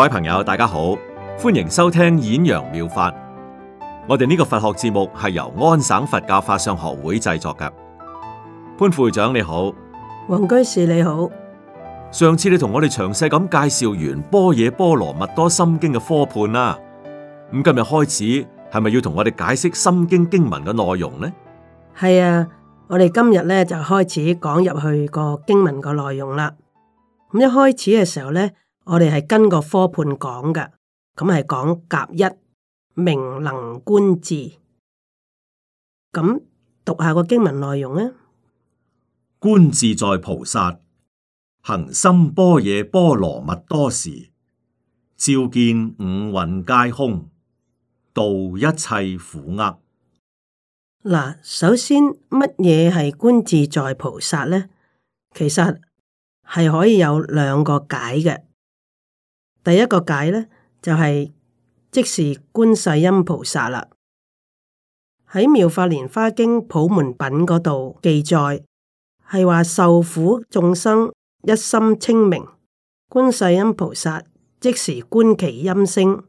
各位朋友，大家好，歡迎收聽演揚妙，妙法。我哋呢個佛學節目係由安省佛教法相學會製作嘅。潘副會長你好，黃居士你好。上次你同我哋詳細咁介紹完《般若波羅蜜多心經》嘅科判啦，咁今日開始係咪要同我哋解釋心經經文嘅內容呢？係啊，我哋今日咧就開始講入去個經文個內容啦。咁一開始嘅時候咧。我哋係跟個科判講嘅，咁係講甲一明能觀智，咁讀下個經文內容啊。觀自在菩薩行深般若波羅蜜多時，照見五蘊皆空，度一切苦厄。嗱，首先乜嘢係觀自在菩薩咧？其實係可以有兩個解嘅。第一個解呢，就係、是、即時觀世音菩薩啦。喺《妙法蓮花經》普門品嗰度記載，係話受苦眾生一心清明，觀世音菩薩即時觀其音聲，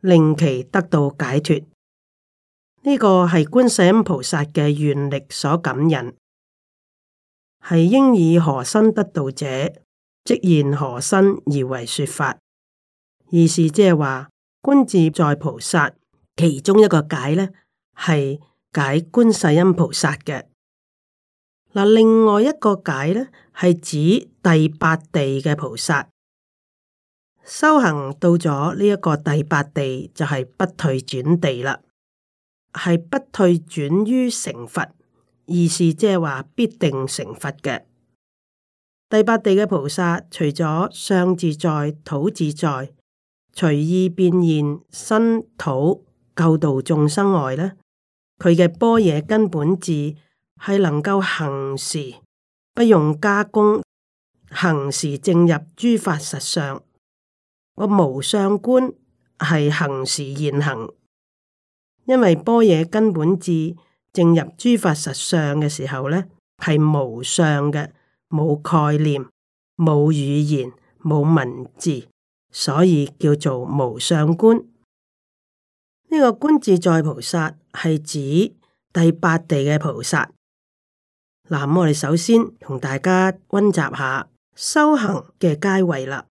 令其得到解脫。呢、這個係觀世音菩薩嘅願力所感人，係應以何身得道者，即現何身而為說法。意思即係話觀自在菩薩其中一個解呢，係解觀世音菩薩嘅。嗱，另外一個解呢，係指第八地嘅菩薩修行到咗呢一個第八地就係不退轉地啦，係不退轉於成佛，意思即係話必定成佛嘅。第八地嘅菩薩除咗相自在、土自在，隨意變現、身土救度眾生外，咧佢嘅般若根本智係能夠行時不用加工。行時正入諸法實相。我無相觀係行時現行，因為般若根本智正入諸法實相嘅時候咧，係無相嘅，冇概念、冇語言、冇文字。所以叫做無上觀，呢、這個觀自在菩薩係指第八地嘅菩薩。嗱，咁我哋首先同大家溫習下修行嘅階位啦。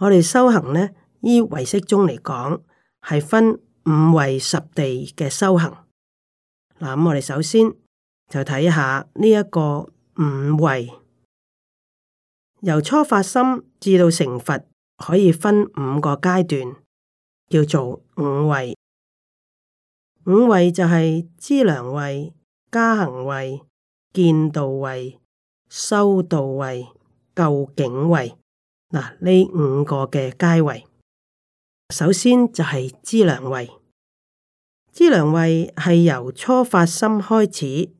我哋修行咧，依唯識宗嚟講，係分五位十地嘅修行。嗱，咁我哋首先就睇下呢一個五位，由初發心至到成佛。可以分五個階段，叫做五位。五位就係資糧位、加行位、見道位、修道位、究竟位。嗱，呢五個嘅階位，首先就係資糧位。資糧位係由初發心開始，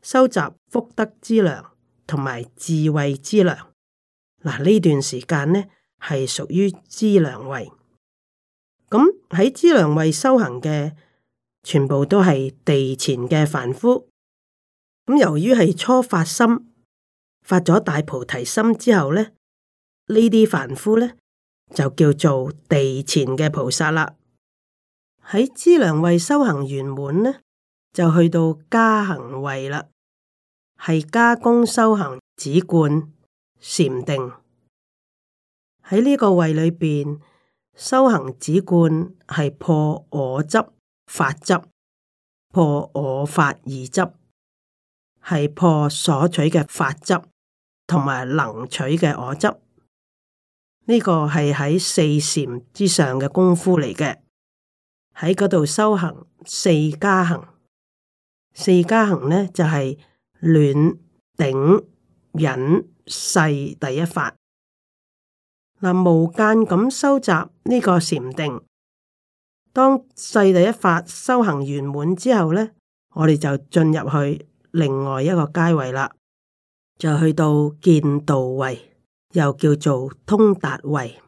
收集福德之糧同埋智慧之糧。嗱，呢段時間呢，係屬於資糧位，咁喺資糧位修行嘅，全部都係地前嘅凡夫。咁由於係初發心，發咗大菩提心之後呢，呢啲凡夫呢，就叫做地前嘅菩薩啦。喺資糧位修行圓滿呢，就去到加行位啦，係加功修行止觀禪定。喺呢個位裏邊修行止觀，係破我執、法執，破我法二執，係破所取嘅法執，同埋能取嘅我執。呢、這個係喺四禪之上嘅功夫嚟嘅，喺嗰度修行四加行。四加行呢就係、是、暖、頂、忍、世第一法。嗱，無間咁收集呢個禪定，當世第一法修行圓滿之後呢，我哋就進入去另外一個階位啦，就去到見道位，又叫做通達位。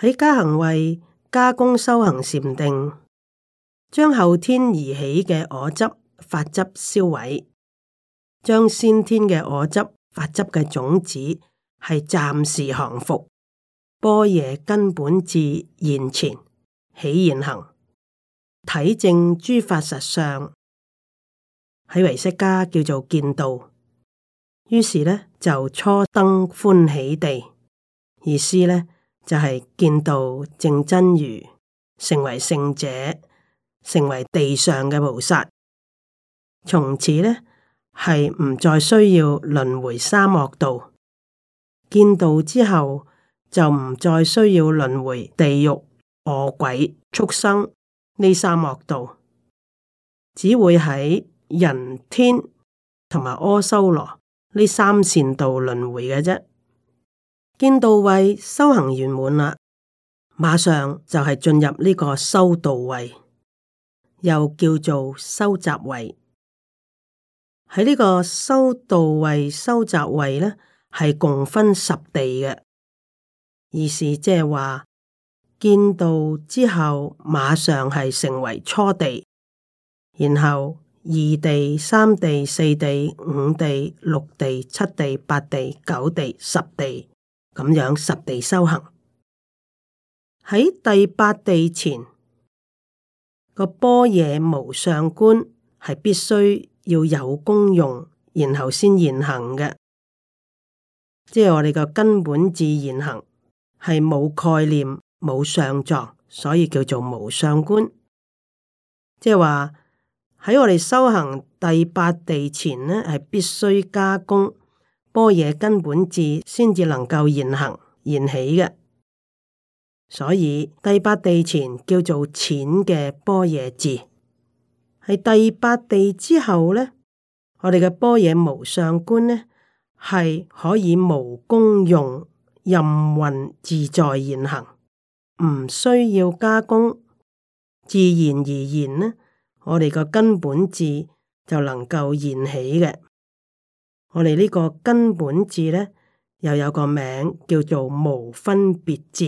喺加行位加工修行禪定，將後天而起嘅我執、法執消毀，將先天嘅我執、法執嘅種子，係暫時降伏，般若根本智現前，起現行，體證諸法實相，喺唯識家叫做見道，於是呢就初登歡喜地，意思呢就係、是、見道正真如，成為聖者，成為地上嘅菩薩，從此呢，係唔再需要輪迴三惡道。見道之後就唔再需要輪迴地獄、餓鬼、畜生，呢三惡道，只會喺人天同埋阿修羅呢三善道輪迴嘅啫。見道位修行圓滿啦，馬上就係進入呢個修道位，又叫做修習位。喺呢個修道位修習位咧。係共分十地嘅，意思即係話見到之後，馬上係成為初地，然後二地、三地、四地、五地、六地、七地、八地、九地、十地，咁樣十地修行。喺第八地前，個般若無上觀係必須要有功用，然後先現行嘅。即係我哋嘅根本智現行係冇概念、冇上狀，所以叫做無上觀。即係話喺我哋修行第八地前呢，係必須加功般若根本智先至能夠現行現起嘅。所以第八地前叫做淺嘅般若智。喺第八地之後呢，我哋嘅般若無上觀呢，係可以無功用任運自在現行，唔需要加工，自然而然呢，我哋個根本智就能夠現起嘅。我哋呢個根本智呢，又有個名叫做無分別智。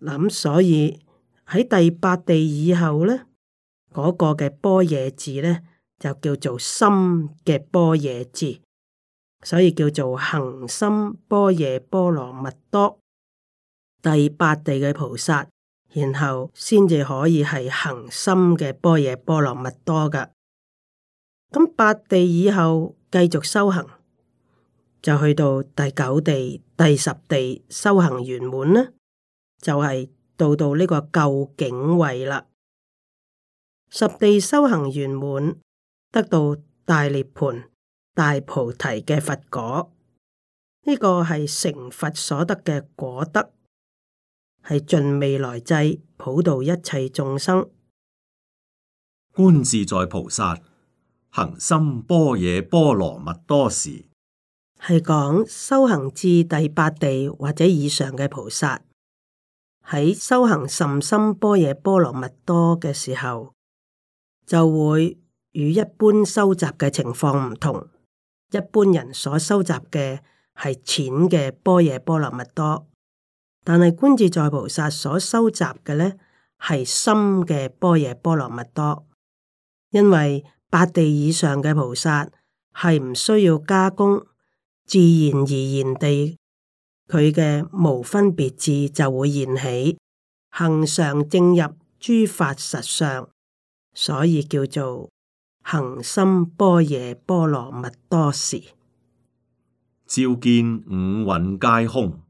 諗、嗯、所以喺第八地以後呢，嗰、那個嘅般若智呢，就叫做深嘅般若智。所以叫做行深般若波羅蜜多，第八地嘅菩薩，然後先至可以係行深嘅般若波羅蜜多㗎。咁八地以後繼續修行，就去到第九地、第十地修行圓滿啦，就係、是、到到呢個究竟位啦。十地修行圓滿，得到大涅槃。大菩提嘅佛果，呢、這個係成佛所得嘅果德，係盡未來際普渡一切眾生。觀自在菩薩行深般若波羅蜜多時，係講修行至第八地或者以上嘅菩薩，喺修行甚深般若波羅蜜多嘅時候，就會與一般修習嘅情況唔同。一般人所收集嘅係淺嘅般若波羅蜜多，但係觀自在菩薩所收集嘅呢，係深嘅般若波羅蜜多。因為八地以上嘅菩薩係唔需要加工，自然而然地佢嘅無分別智就會現起，恒常正入諸法實相，所以叫做。行深般若波羅蜜多時，照見五蘊皆空。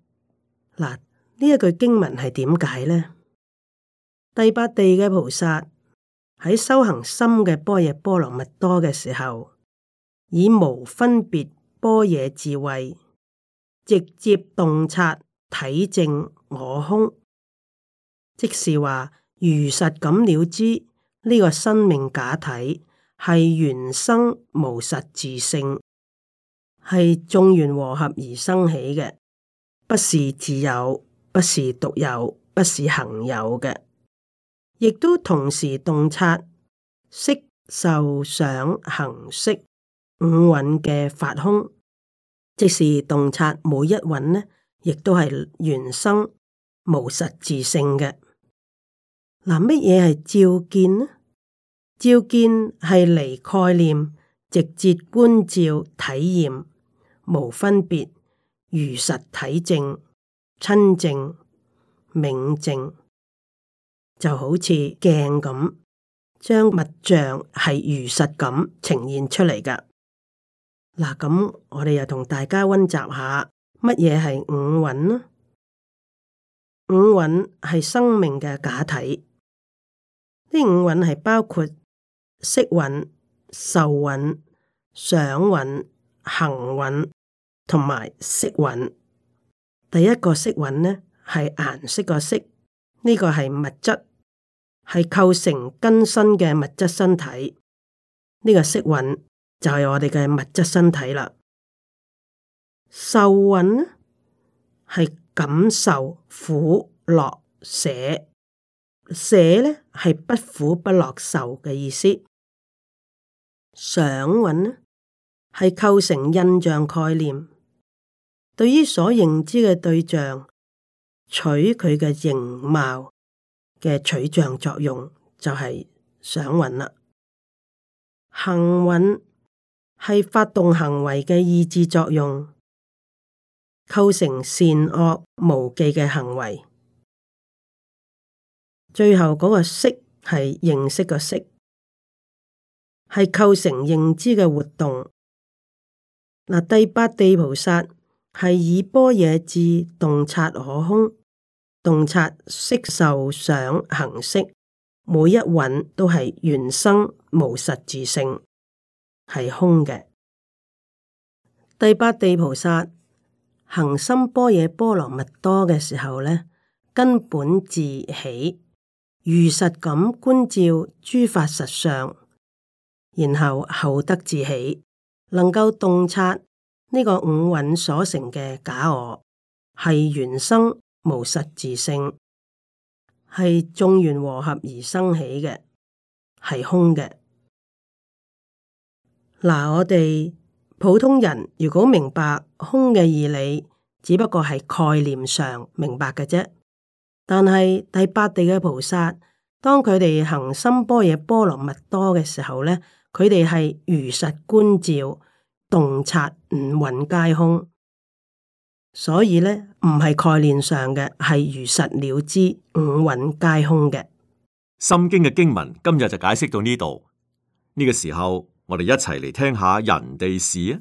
嗱，呢一句經文係點解呢？第八地嘅菩薩喺修行深嘅般若波羅蜜多嘅時候，以無分別般若智慧，直接洞察體證我空，即是話如實咁了知呢個生命假體，係原生無實自性，係眾緣和合而生起嘅，不是自有，不是獨有，不是恒有嘅，亦都同時洞察色受想行識五蘊嘅法空，即是洞察每一蘊呢，亦都係原生無實自性嘅。嗱、啊，乜嘢係照見呢？照見係嚟概念，直接觀照體驗，無分別，如實體證、親證、明證，就好似鏡咁，將物像係如實咁呈現出嚟噶嗱，咁我哋又同大家溫習下乜嘢係五蘊咯？五蘊係生命嘅假體，呢五蘊係包括。色蘊、受蘊、想蘊、行蘊同埋色蘊，第一個色蘊呢係顏色個色，呢、這個係物質，係構成根身嘅物質身體。呢、這個色蘊就係我哋嘅物質身體啦。受蘊呢係感受苦樂捨，捨呢係不苦不樂受嘅意思。想蘊呢，係構成印象概念，對於所認知嘅對象，取佢嘅形貌嘅取像作用，就係想蘊啦。行蘊係發動行為嘅意志作用，構成善惡無記嘅行為。最後嗰個識係認識嘅識。係構成認知嘅活動。第八地菩薩係以波耶智洞察可空，洞察色受想行識，每一蘊都係原生無實自性，係空嘅。第八地菩薩行心波耶波羅蜜多嘅時候呢，根本自起如實咁觀照諸法實相。然後後得自喜，能夠洞察呢個五蘊所成嘅假我係緣生無實自性，係眾緣和合而生起嘅，係空嘅。嗱、啊，我哋普通人如果明白空嘅義理，只不過係概念上明白嘅啫。但係第八地嘅菩薩，當佢哋行深般若波羅蜜多嘅時候咧。佢哋係如實觀照、洞察五蘊皆空，所以咧唔係概念上嘅，係如實了知，五蘊皆空嘅《心經》嘅經文。今日就解釋到呢度，呢、呢個時候我哋一齊嚟聽下人哋事啊！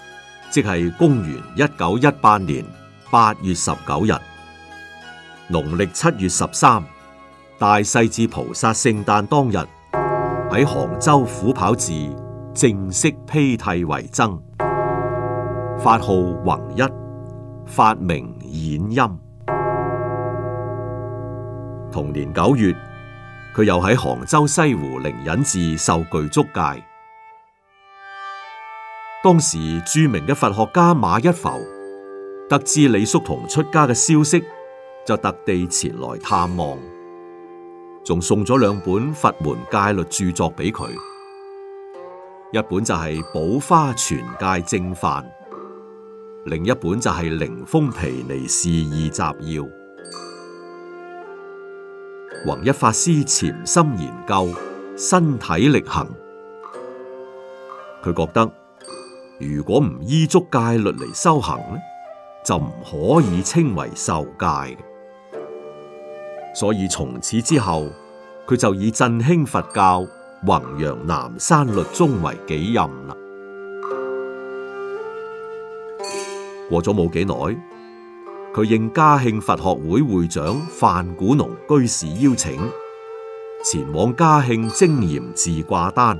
即係公元一九一八年八月十九日，農曆七月十三，大勢至菩薩聖誕當日，喺杭州虎跑寺正式披剃為僧，法號弘一，法名演音。同年九月，佢又喺杭州西湖靈隱寺受具足戒。當時著名嘅佛學家馬一浮，得知李叔同出家嘅消息，就特地前來探望，仲送咗兩本佛門戒律著作俾佢，一本就係《寶華傳戒正範》，另一本就係《靈峰毗尼事義集要》。弘一法師潛心研究，身體力行，佢覺得，如果唔依足戒律嚟修行呢，就唔可以稱為受戒嘅。所以從此之後，佢就以振興佛教、弘揚南山律宗為己任啦。過咗冇幾耐，佢應嘉興佛學會會長范古農居士邀請，前往嘉興精嚴寺掛單。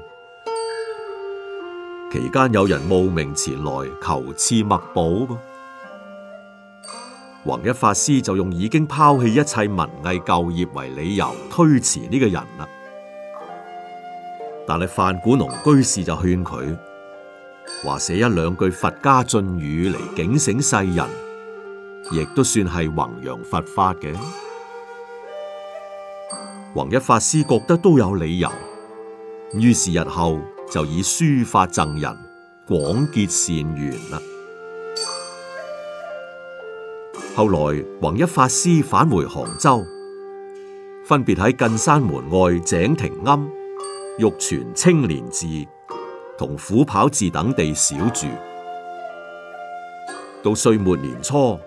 期間有人慕名前來求賜墨寶噃，弘一法師就用已經拋棄一切文藝舊業為理由推辭呢個人啦。但係范古農居士就勸佢，話寫一兩句佛家雋語嚟警醒世人，亦都算係弘揚佛法嘅。弘一法師覺得都有理由，於是日後，就以書法贈人，廣結善緣啦。後來弘一法師返回杭州，分別喺近山門外井亭庵、玉泉清漣寺同虎跑寺等地小住。到歲末年初，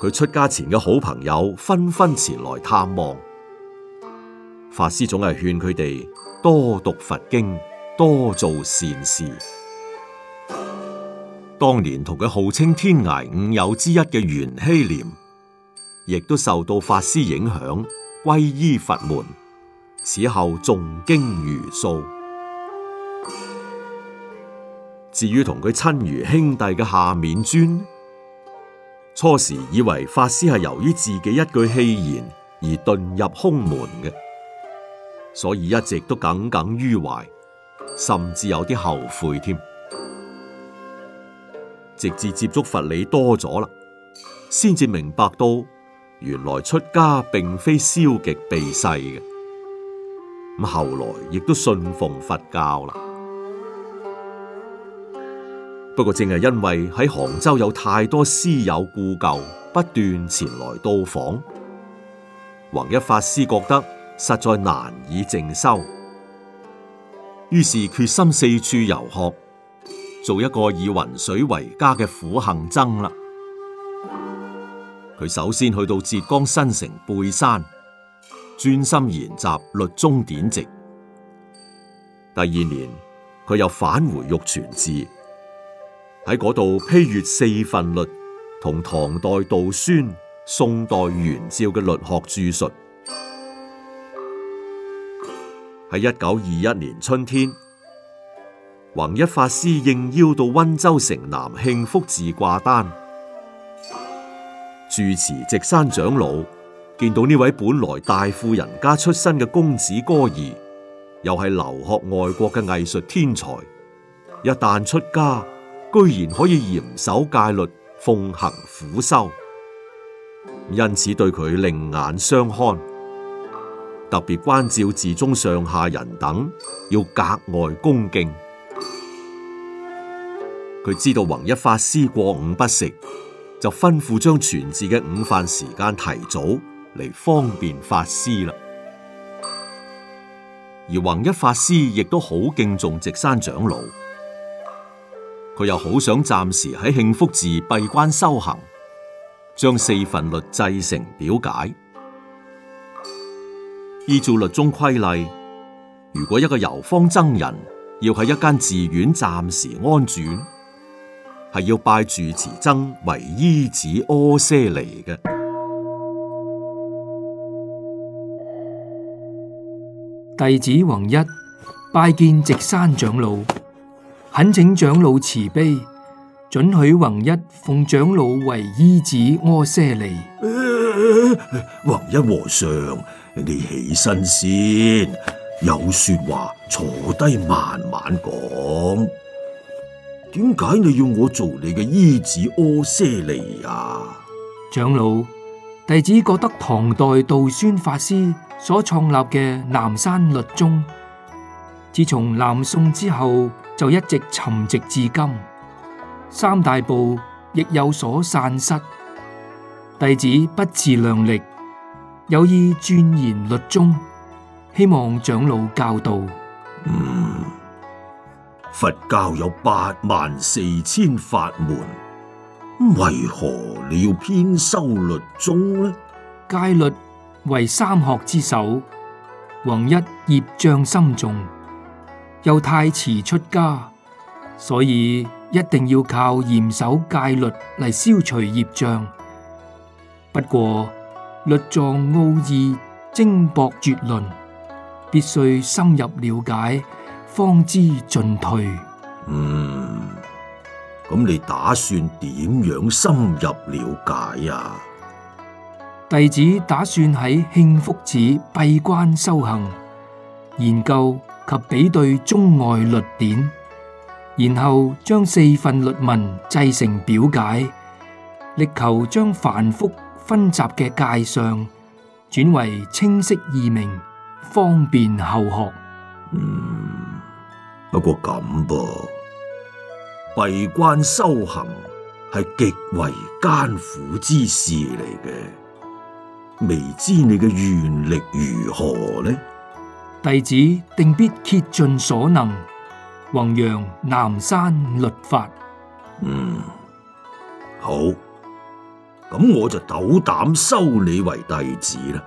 佢出家前嘅好朋友紛紛前來探望，法師總係勸佢哋多讀佛經。多做善事。當年同佢號稱天涯五友之一嘅袁希濂，亦都受到法師影響，皈依佛門。此後誦經茹素。至於同佢親如兄弟嘅夏丏尊，初時以為法師係由於自己一句戲言而遁入空門嘅，所以一直都耿耿於懷。甚至有啲後悔添，直至接觸佛理多咗啦，先至明白到原來出家並非消極避世嘅。咁後來亦都信奉佛教啦。不過正係因為喺杭州有太多師友故舊不斷前來到訪，弘一法師覺得實在難以靜修。於是決心四處遊學，做一個以雲水為家嘅苦行僧啦。佢首先去到浙江新城貝山，專心研習律宗典籍。第二年，佢又返回玉泉寺，喺嗰度披閱四分律同唐代道宣、宋代元照嘅律學注述。喺一九二一年春天，弘一法師應邀到温州城南慶福寺掛單。住持直山長老見到呢位本來大富人家出身嘅公子哥兒，又係留學外國嘅藝術天才，一旦出家，居然可以嚴守戒律，奉行苦修，因此對佢另眼相看。特別關照寺中上下人等，要格外恭敬。佢知道弘一法師過午不食，就吩咐將全寺嘅午飯時間提早嚟，方便法師啦。而弘一法師亦都好敬重直山長老，佢又好想暫時喺慶福寺閉關修行，將四分律製成表解。依照律宗規例，如果一個遊方僧人要喺一間寺院暫時安住，係要拜住持僧為依止阿闍黎。嘅。弟子弘一拜見直山長老，懇請長老慈悲，準許弘一奉長老為依止阿闍黎。弘 一和尚。你起身先，有說話坐低慢慢講。點解你要我做你嘅依止阿闍梨啊？長老，弟子覺得唐代道宣法師所創立嘅南山律宗，自從南宋之後就一直沉寂至今，三大部亦有所散失。弟子不自量力。有意鑽研律宗，希望長老教導。嗯，佛教有八萬四千法門，為何你要偏修律宗呢？戒律為三學之首，弘一業障深重，又太遲出家，所以一定要靠嚴守戒律嚟消除業障。不過。律藏奧義精博絕倫，必須深入了解，方知進退。嗯，咁你打算點樣深入了解呀？弟子打算喺慶福寺閉關修行，研究及比對中外律典，然後將四份律文製成表解，力求將繁複。分集嘅界相，轉為清晰易明，方便後學。嗯，不過咁噃，閉關修行係極為艱苦之事嚟嘅，未知你嘅願力如何呢？弟子定必竭盡所能弘揚南山律法。嗯，好。咁我就斗膽收你為弟子啦！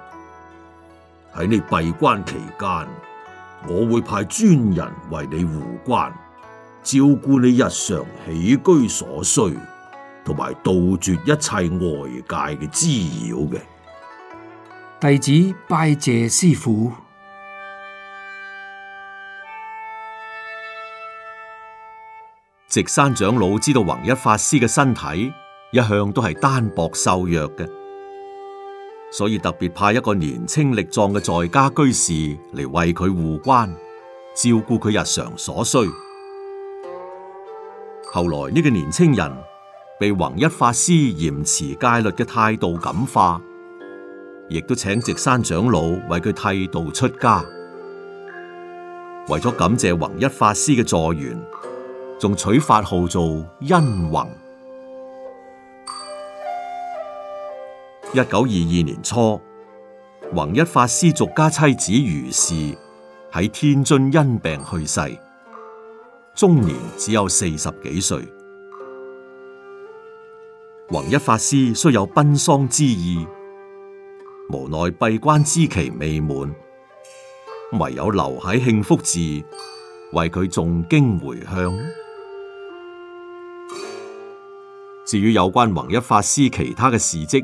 喺你閉關期間，我會派專人為你護關，照顧你日常起居所需，同埋杜絕一切外界嘅滋擾嘅。弟子拜謝師父。直山長老知道弘一法師嘅身體一向都係單薄瘦弱嘅，所以特別派一個年輕力壯嘅在家居士嚟為佢護關，照顧佢日常所需。後來呢、這個年輕人被弘一法師嚴持戒律嘅態度感化，亦都請直山長老為佢剃度出家。為咗感謝弘一法師嘅助緣，仲取法號做恩弘。一九二二年初，弘一法師俗家妻子俞氏喺天津因病去世，終年只有四十幾歲。弘一法師雖有奔喪之意，無奈閉關之期未滿，唯有留喺慶福寺為佢誦經回向。至於有關弘一法師其他嘅事迹，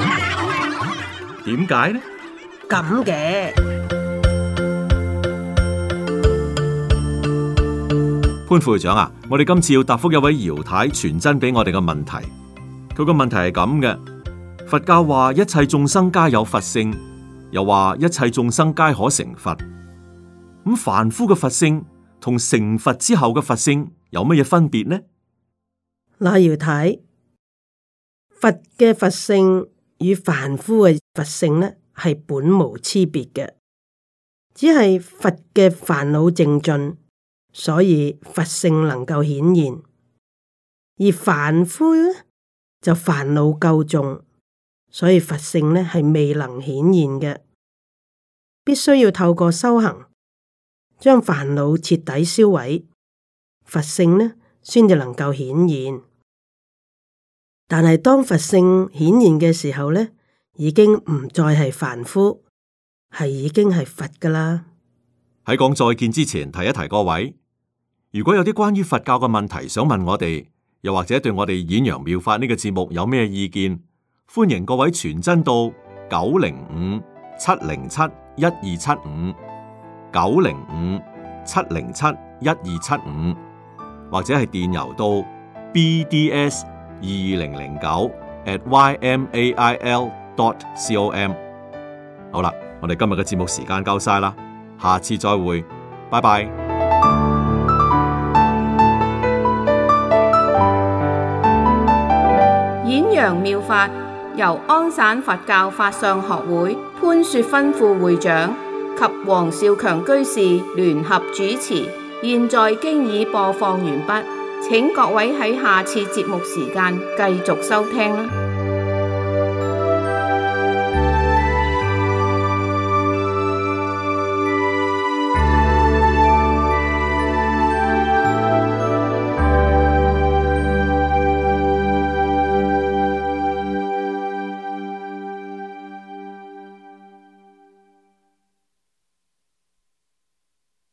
點解呢？咁嘅潘副會長啊，我哋今次要答覆一位姚太傳真俾我哋嘅問題。佢個問題係咁嘅：佛教話一切眾生皆有佛性，又話一切眾生皆可成佛。咁凡夫嘅佛性同成佛之後嘅佛性有乜嘢分別呢？嗱，姚太，佛嘅佛性。與凡夫嘅佛性呢係本無差別嘅，只係佛嘅煩惱淨盡，所以佛性能夠顯現；而凡夫呢，就煩惱垢重，所以佛性呢係未能顯現嘅。必須要透過修行，將煩惱徹底銷毀，佛性呢先至能夠顯現。但係當佛性顯現嘅時候咧，已經唔再係凡夫，係已經係佛噶啦。喺講再見之前，提一提各位，如果有啲關於佛教嘅問題想問我哋，又或者對我哋《演揚妙法》呢個節目有咩意見，歡迎各位傳真到九零五七零七一二七五九零五七零七一二七五，75, 75, 或者係電郵到 bds。二零零九 at ymail dot com。好啦，我哋今日嘅節目時間夠晒啦，下次再會，拜拜。演揚妙法由安省佛教法相學會潘雪芬副會長及黃少強居士聯合主持，現在經已播放完畢。請各位喺下次節目時間繼續收聽。